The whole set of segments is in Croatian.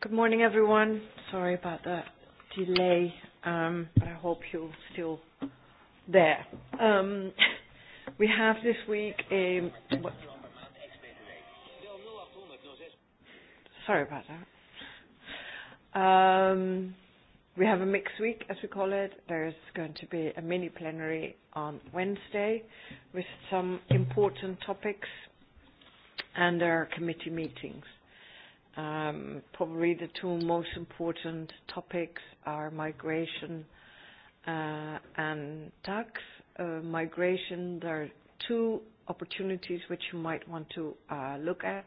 Good morning, everyone. Sorry about the delay, um, but I hope you're still there. Um, we have this week a... sorry about that. Um, we have a mixed week, as we call it. There is going to be a mini plenary on Wednesday with some important topics, and there are committee meetings. Um, probably the two most important topics are migration uh, and tax. Uh, migration, there are two opportunities which you might want to uh, look at.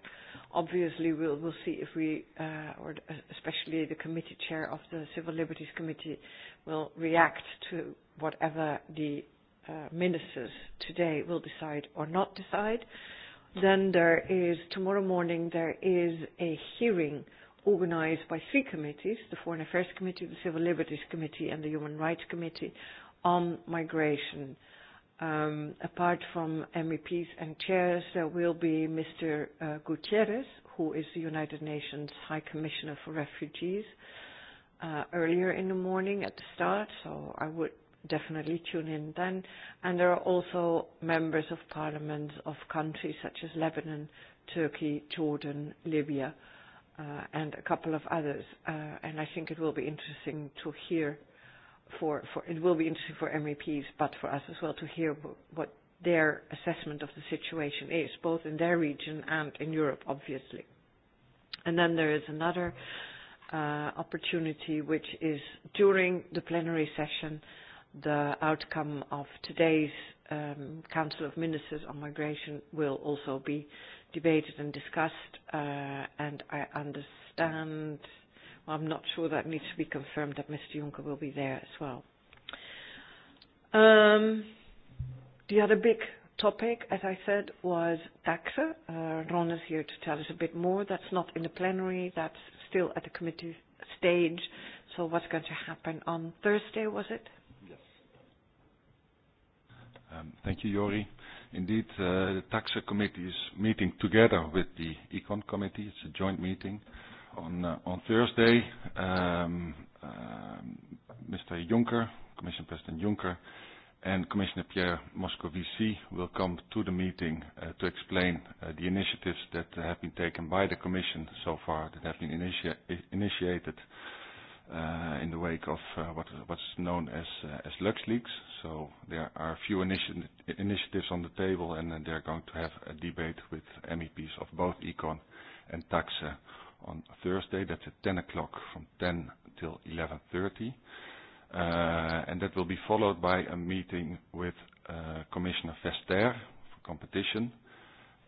Obviously, we'll, we'll see if we, uh, or uh, especially the committee chair of the Civil Liberties Committee, will react to whatever the uh, ministers today will decide or not decide. Then there is, tomorrow morning, there is a hearing organized by three committees, the Foreign Affairs Committee, the Civil Liberties Committee, and the Human Rights Committee, on migration. Um, apart from MEPs and chairs, there will be Mr. Uh, Gutierrez, who is the United Nations High Commissioner for Refugees, uh, earlier in the morning at the start, so I would definitely tune in then. And there are also members of parliaments of countries such as Lebanon, Turkey, Jordan, Libya, uh, and a couple of others. Uh, and I think it will be interesting to hear for, for, it will be interesting for MEPs, but for us as well to hear what their assessment of the situation is, both in their region and in Europe, obviously. And then there is another uh, opportunity, which is during the plenary session, the outcome of today's um, Council of Ministers on Migration will also be debated and discussed, uh, and I understand, well, I'm not sure that needs to be confirmed that Mr. Juncker will be there as well. Um, the other big topic, as I said, was taxa. Uh, Ron is here to tell us a bit more. That's not in the plenary, that's still at the committee stage. So what's going to happen on Thursday, was it? Um, thank you, Jori. Indeed, uh, the Taxa Committee is meeting together with the Econ Committee. It's a joint meeting on uh, on Thursday. Um, um, Mr. Juncker, Commission President Juncker, and Commissioner Pierre Moscovici will come to the meeting uh, to explain uh, the initiatives that have been taken by the Commission so far that have been initi initiated uh, in the wake of uh, what, what's known as, uh, as LuxLeaks. So there are a few initi initiatives on the table and uh, they're going to have a debate with MEPs of both Econ and TAXE on Thursday. That's at 10 o'clock from 10 till 11.30. Uh, and that will be followed by a meeting with uh, Commissioner Vester for competition.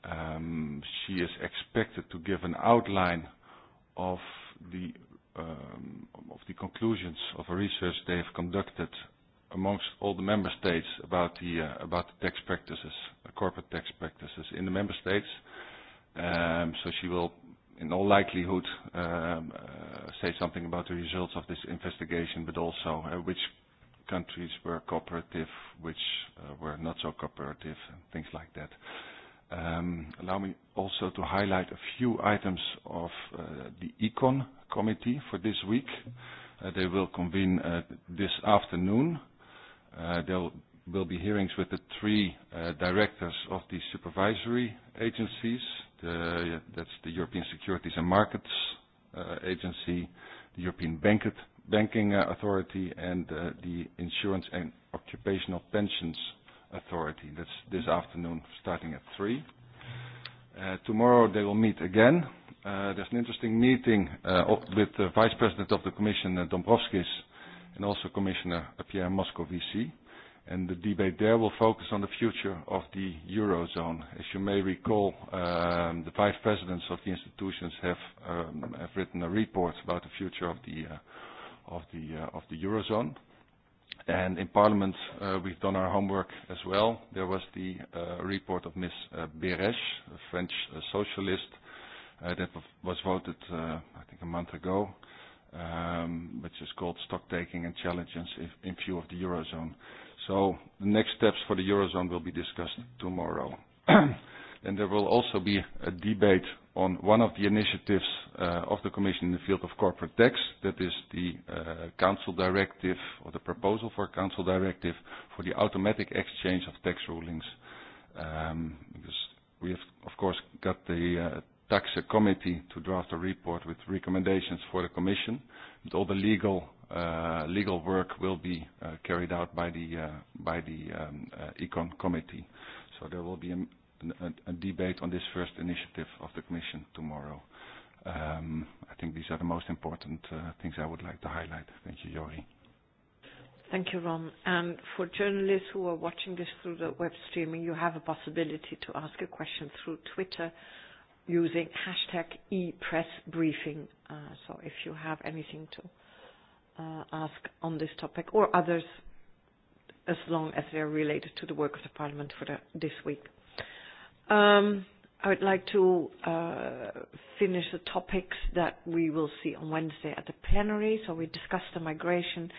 Um, she is expected to give an outline of the um, of the conclusions of a research they have conducted amongst all the member states about the uh, about the tax practices, uh, corporate tax practices in the member states. Um, so she will, in all likelihood, um, uh, say something about the results of this investigation, but also uh, which countries were cooperative, which uh, were not so cooperative, and things like that. Um, allow me also to highlight a few items of uh, the ECON committee for this week. Uh, they will convene uh, this afternoon. Uh, there will be hearings with the three uh, directors of the supervisory agencies. The, that's the European Securities and Markets uh, Agency, the European Bank Banking Authority, and uh, the Insurance and Occupational Pensions Authority. That's this afternoon starting at 3. Uh, tomorrow they will meet again Uh, there's an interesting meeting uh, with the Vice President of the Commission, uh, Dombrovskis, and also Commissioner Pierre Moscovici. And the debate there will focus on the future of the Eurozone. As you may recall, um, the five Presidents of the institutions have, um, have written a report about the future of the, uh, of the, uh, of the Eurozone. And in Parliament, uh, we've done our homework as well. There was the uh, report of Ms. Uh, Beres, a French uh, socialist, Uh, that was voted, uh, I think, a month ago, um, which is called Stock Taking and Challenges in View of the Eurozone. So the next steps for the Eurozone will be discussed tomorrow. and there will also be a debate on one of the initiatives uh, of the Commission in the field of corporate tax, that is the Council Directive or the proposal for a Council Directive for the automatic exchange of tax rulings. Um, because we have, of course, got the tax committee to draft a report with recommendations for the commission. But all the legal uh, legal work will be uh, carried out by the uh, by the um, uh, econ committee. So there will be a, a, a debate on this first initiative of the commission tomorrow. Um, I think these are the most important uh, things I would like to highlight. Thank you, Jori. Thank you, Ron. And for journalists who are watching this through the web streaming, you have a possibility to ask a question through Twitter using hashtag ePressBriefing. Uh, so if you have anything to uh, ask on this topic or others, as long as they are related to the work of the Parliament for the, this week. Um, I would like to uh, finish the topics that we will see on Wednesday at the plenary. So we discussed the migration.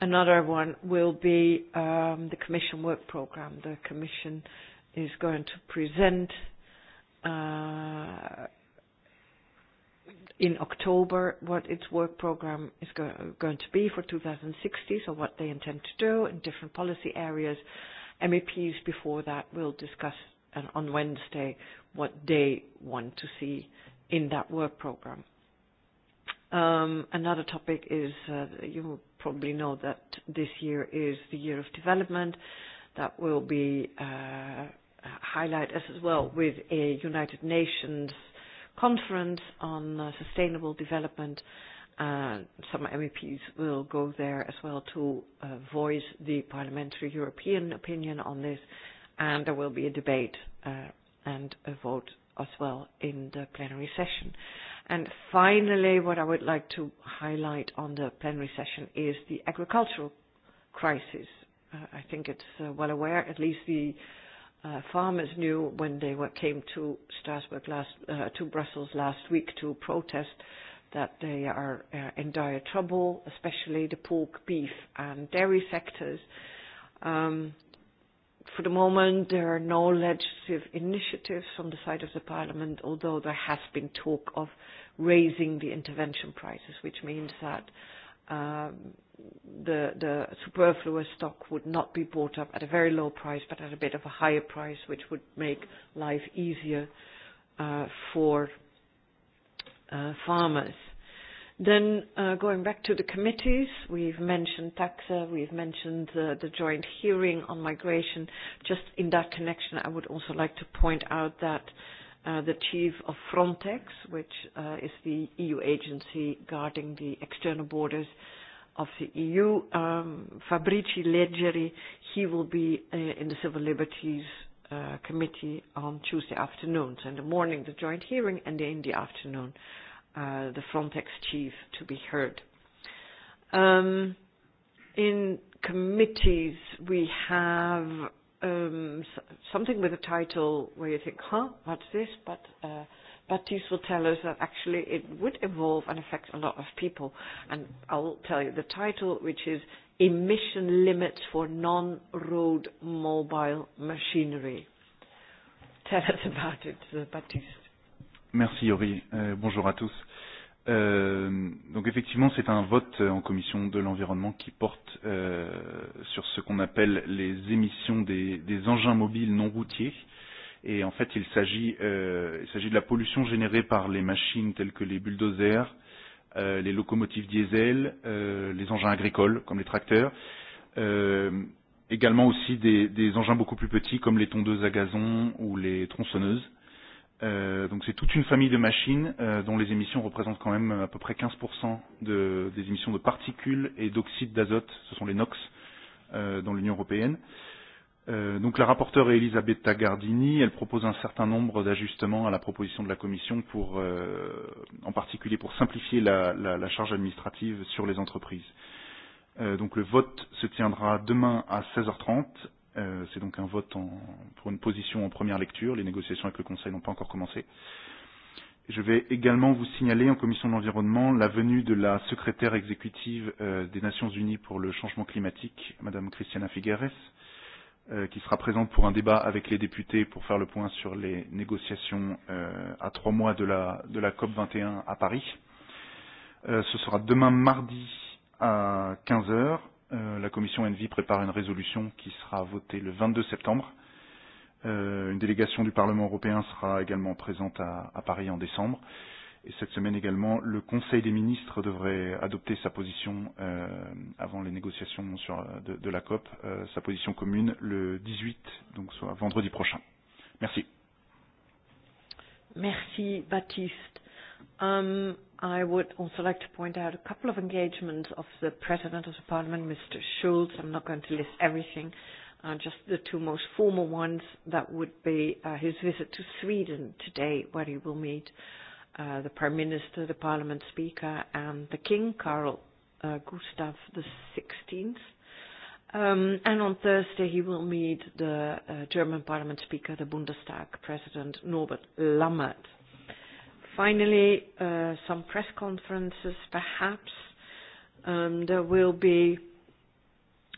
Another one will be um, the Commission work program. The Commission is going to present Uh, in October what its work program is go going to be for 2060, so what they intend to do in different policy areas. MEPs before that will discuss and on Wednesday what they want to see in that work program. Um, another topic is, uh, you probably know that this year is the year of development. That will be uh, highlight as well with a United Nations conference on uh, sustainable development. Uh, some MEPs will go there as well to uh, voice the parliamentary European opinion on this, and there will be a debate uh, and a vote as well in the plenary session. And finally, what I would like to highlight on the plenary session is the agricultural crisis. Uh, I think it's uh, well aware, at least the uh, farmers knew when they were, came to Strasbourg last, uh, to Brussels last week to protest that they are uh, in dire trouble, especially the pork, beef and dairy sectors. Um, for the moment, there are no legislative initiatives on the side of the parliament, although there has been talk of raising the intervention prices, which means that um, the the superfluous stock would not be bought up at a very low price, but at a bit of a higher price, which would make life easier uh, for uh, farmers. Then uh, going back to the committees, we've mentioned taxa, we've mentioned the joint hearing on migration. Just in that connection, I would also like to point out that uh, the chief of Frontex, which uh, is the EU agency guarding the external borders, of the EU. Um, Fabrici Leggeri, he will be uh, in the Civil Liberties uh, Committee on Tuesday afternoon. So in the morning, the joint hearing, and in the afternoon, uh, the Frontex chief to be heard. Um, in committees, we have um, something with a title where you think, huh, what's this? But uh, Baptiste will tell us that actually it would involve and affect a lot of people. And I'll tell you the title, which is Emission Limits for Non-Road Mobile Machinery. Tell us about it, uh, Baptiste. Merci, Yori. Uh, bonjour à tous. Euh, donc effectivement, c'est un vote en commission de l'environnement qui porte euh, sur ce qu'on appelle les émissions des, des engins mobiles non routiers. Euh, Et en fait, il s'agit euh, il s'agit de la pollution générée par les machines telles que les bulldozers, euh, les locomotives diesel, euh, les engins agricoles comme les tracteurs, euh, également aussi des, des engins beaucoup plus petits comme les tondeuses à gazon ou les tronçonneuses. Euh, donc c'est toute une famille de machines euh, dont les émissions représentent quand même à peu près 15% de, des émissions de particules et d'oxyde d'azote, ce sont les NOx euh, dans l'Union Européenne. Euh, Euh, donc la rapporteure est Elisabeth Tagardini, elle propose un certain nombre d'ajustements à la proposition de la Commission pour euh, en particulier pour simplifier la, la, la charge administrative sur les entreprises. Euh, donc le vote se tiendra demain à 16h30. Euh, C'est donc un vote en, pour une position en première lecture. Les négociations avec le Conseil n'ont pas encore commencé. Je vais également vous signaler en commission de l'environnement la venue de la secrétaire exécutive euh, des Nations Unies pour le changement climatique, Madame Christiana Figueres, Euh, qui sera présente pour un débat avec les députés pour faire le point sur les négociations euh, à trois mois de la, de la COP21 à Paris. Euh, ce sera demain mardi à 15h. La commission ENVI prépare une résolution qui sera votée le 22 septembre. Une délégation du Parlement européen sera également présente à, à Paris en décembre. Et cette semaine également, le Conseil des ministres devrait adopter sa position euh, avant les négociations sur, de, de la COP, euh, sa position commune le 18, donc soit vendredi prochain. Merci. Merci, Baptiste. Um, I would also like to point out a couple of engagements of the President of the Parliament, Mr. Schulz. I'm not going to list everything, uh, just the two most formal ones. That would be uh, his visit to Sweden today, where he will meet uh, the Prime Minister, the Parliament Speaker, and the King, Karl uh, Gustav XVI. Um, and on Thursday, he will meet the uh, German Parliament Speaker, the Bundestag President, Norbert Lammert. Finally, uh, some press conferences, perhaps. Um, there will be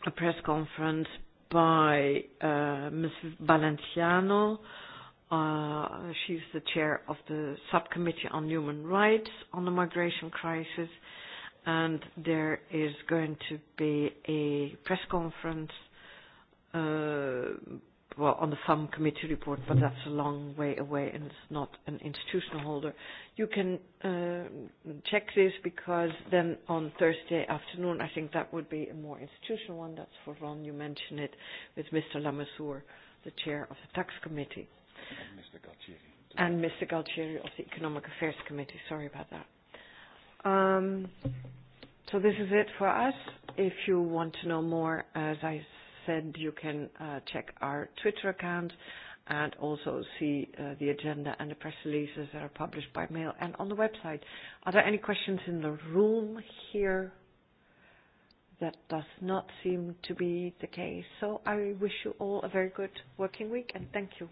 a press conference by uh, Ms. Valenciano, Uh, she's the chair of the subcommittee on human rights on the migration crisis. And there is going to be a press conference, uh, well, on the FAM committee report, but that's a long way away and it's not an institutional holder. You can uh, check this because then on Thursday afternoon, I think that would be a more institutional one. That's for Ron, you mentioned it, with Mr. Lamassoure, the chair of the tax committee. Mr. And Mr. Galtieri of the Economic Affairs Committee. Sorry about that. Um, so this is it for us. If you want to know more, as I said, you can uh, check our Twitter account and also see uh, the agenda and the press releases that are published by mail and on the website. Are there any questions in the room here? That does not seem to be the case. So I wish you all a very good working week and thank you.